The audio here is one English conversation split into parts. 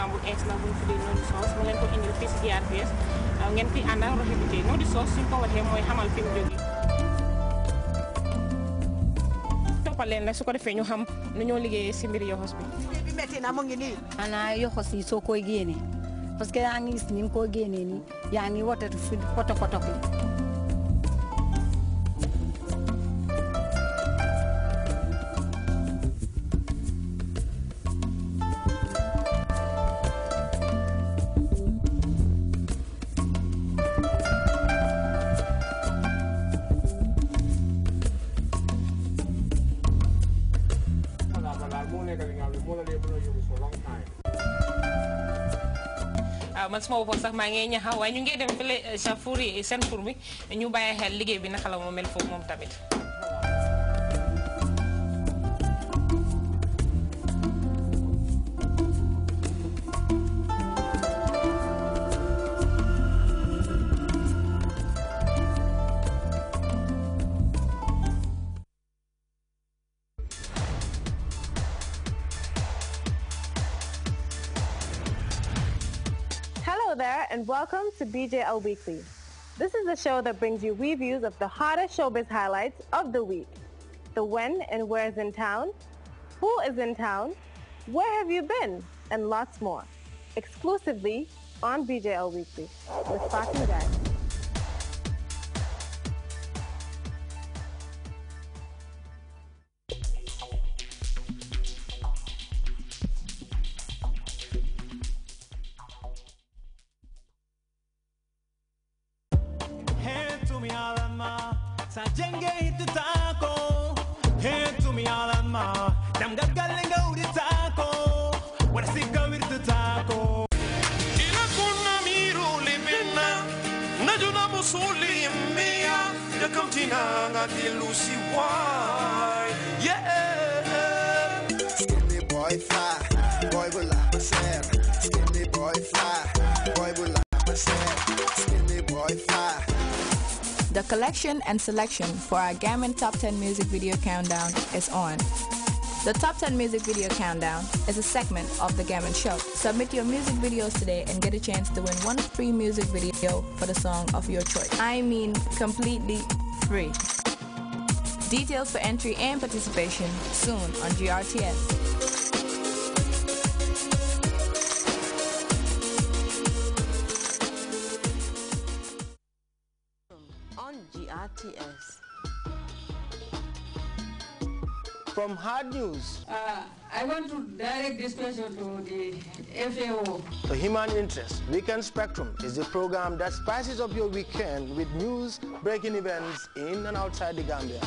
programme bu instant bu ñu tuddee Nodi Sauce mu leen ko indil fii si GRTS euh, ngeen fi ànd ak Rohey Biteye Nodi ko waxee mooy xamal fi mu jógee. toppal leen nag su ko defee ñu xam nu ñoo liggéeyee si mbir yoxos bi. bi yi soo ko génnee parce que yaa ngi gis ni nga génnee nii yaa ngi wotatu fi Ah, man suma bopp sax maa ngi ñaxa waaye ñu ngi dem fële sa eh, furi eh, seen fur bi ñu bàyyi xel liggéey bi naka la moo mel foofu moom tamit and welcome to BJL Weekly. This is the show that brings you reviews of the hottest showbiz highlights of the week. The when and where is in town, who is in town, where have you been, and lots more. Exclusively on BJL Weekly with Fox and Guys. jenge am going Hey to me all on ma Dam gat galenga uri tako Wala sika Ila kuna Najuna musuli ngati lusi The collection and selection for our Gammon Top 10 Music Video Countdown is on. The Top 10 Music Video Countdown is a segment of The Gammon Show. Submit your music videos today and get a chance to win one free music video for the song of your choice. I mean completely free. Details for entry and participation soon on GRTS. from hard news. Uh, I want to direct this question to the FAO. The Human Interest Weekend Spectrum is a program that spices up your weekend with news, breaking events in and outside the Gambia.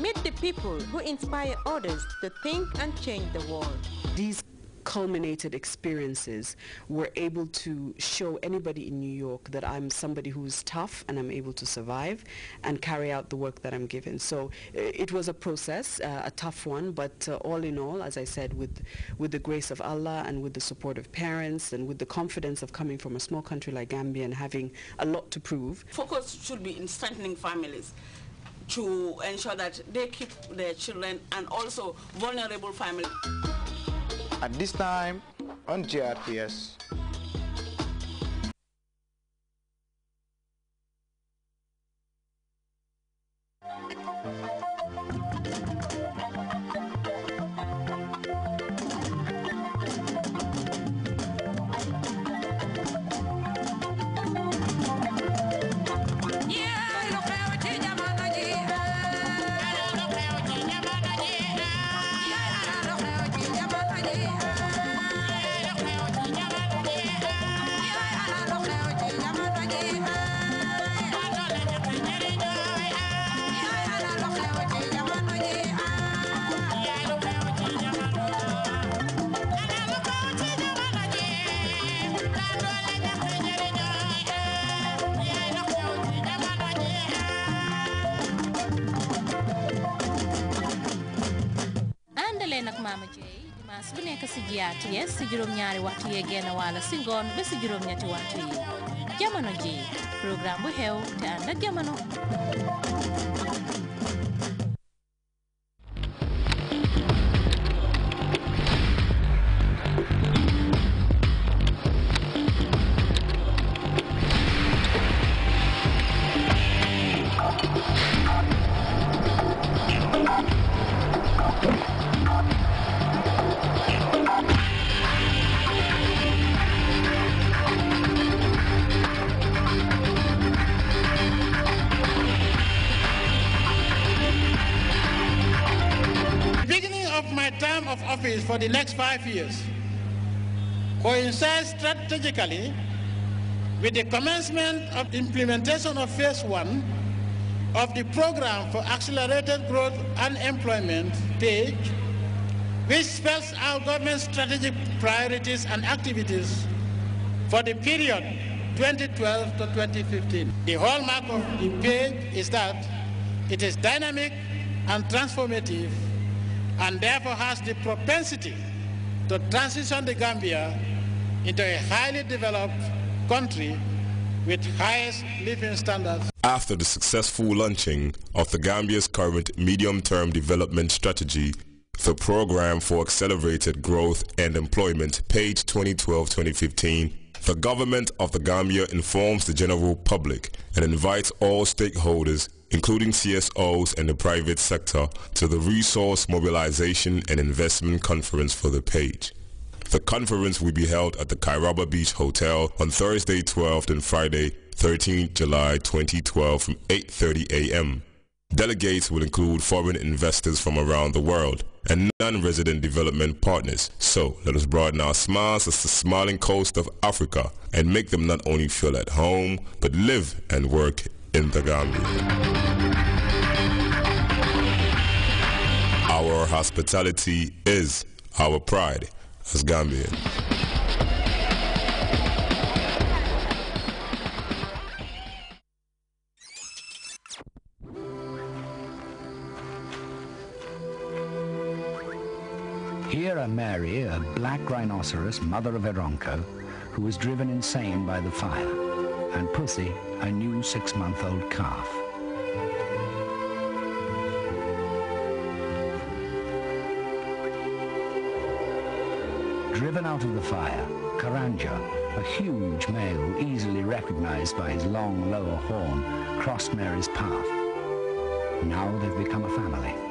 Meet the people who inspire others to think and change the world. These culminated experiences were able to show anybody in New York that I'm somebody who's tough and I'm able to survive and carry out the work that I'm given. So uh, it was a process, uh, a tough one, but uh, all in all, as I said, with, with the grace of Allah and with the support of parents and with the confidence of coming from a small country like Gambia and having a lot to prove. Focus should be in strengthening families to ensure that they keep their children and also vulnerable families at this time on GRPS dimanche bu nekk si jiyaati yes si juróom-ñaari waxtu yee genn wàll si ngoon ba si juróom-ñetti waxtu yi jamono ji programme bu xew te ànd ak my term of office for the next five years coincides strategically with the commencement of implementation of phase one of the program for accelerated growth and employment, PAGE, which spells out government strategic priorities and activities for the period 2012 to 2015. The hallmark of the PAGE is that it is dynamic and transformative and therefore has the propensity to transition the Gambia into a highly developed country with highest living standards. After the successful launching of the Gambia's current medium-term development strategy, the Program for Accelerated Growth and Employment, page 2012-2015, the government of the Gambia informs the general public and invites all stakeholders including CSOs and the private sector, to the Resource Mobilization and Investment Conference for the page. The conference will be held at the Kairaba Beach Hotel on Thursday 12th and Friday 13th July 2012 from 8.30 a.m. Delegates will include foreign investors from around the world and non-resident development partners. So let us broaden our smiles to the smiling coast of Africa and make them not only feel at home, but live and work in the Tagalog. Our hospitality is our pride as Gambia. Here are Mary, a black rhinoceros, mother of Eronko, who was driven insane by the fire and Pussy, a new six-month-old calf. Driven out of the fire, Karanja, a huge male easily recognized by his long lower horn, crossed Mary's path. Now they've become a family.